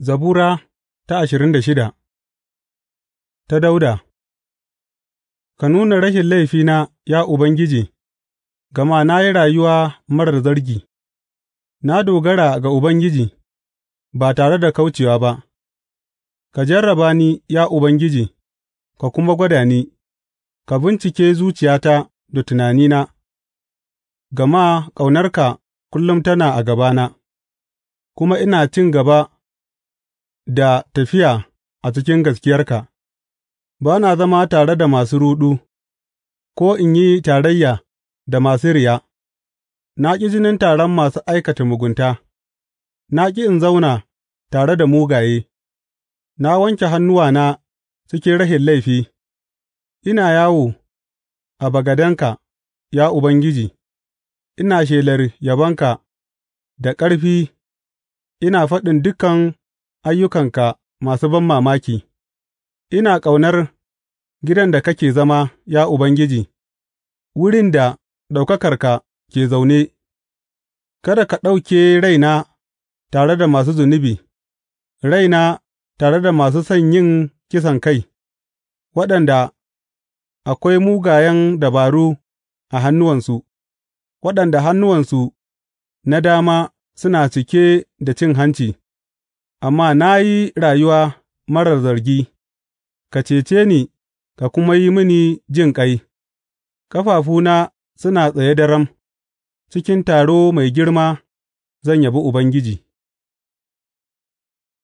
Zabura ta ashirin da shida ta Dauda Ka nuna rashin laifina, ya Ubangiji, gama na yi rayuwa marar zargi; na dogara ga Ubangiji ba tare da kaucewa ba, ka jarraba ni, ya Ubangiji, ka kuma gwada ni, ka bincike zuciyata da tunanina, gama ƙaunarka kullum tana a gabana, kuma ina cin gaba. da tafiya a cikin gaskiyarka, ba na zama tare da masu ruɗu, ko in yi tarayya da masu riya, na ƙi jinin taron masu aikata mugunta, na ƙi in zauna tare da mugaye, na wanke hannuwana cikin rahin laifi, ina yawo a bagadanka ya Ubangiji, ina shelar yabonka da ƙarfi ina faɗin dukan ayyukanka masu banmamaki, ina ƙaunar gidan da kake zama, ya Ubangiji, wurin da ɗaukakarka ke zaune, kada ka ɗauke raina tare da masu zunubi, raina tare da masu son yin kisan kai, waɗanda akwai mugayen dabaru a hannuwansu, waɗanda hannuwansu na dama suna cike da cin hanci. Amma na yi rayuwa marar zargi; ka cece ni ka kuma yi mini jinƙai, ƙafafuna suna tsaye daram; cikin taro mai girma zan yabi Ubangiji.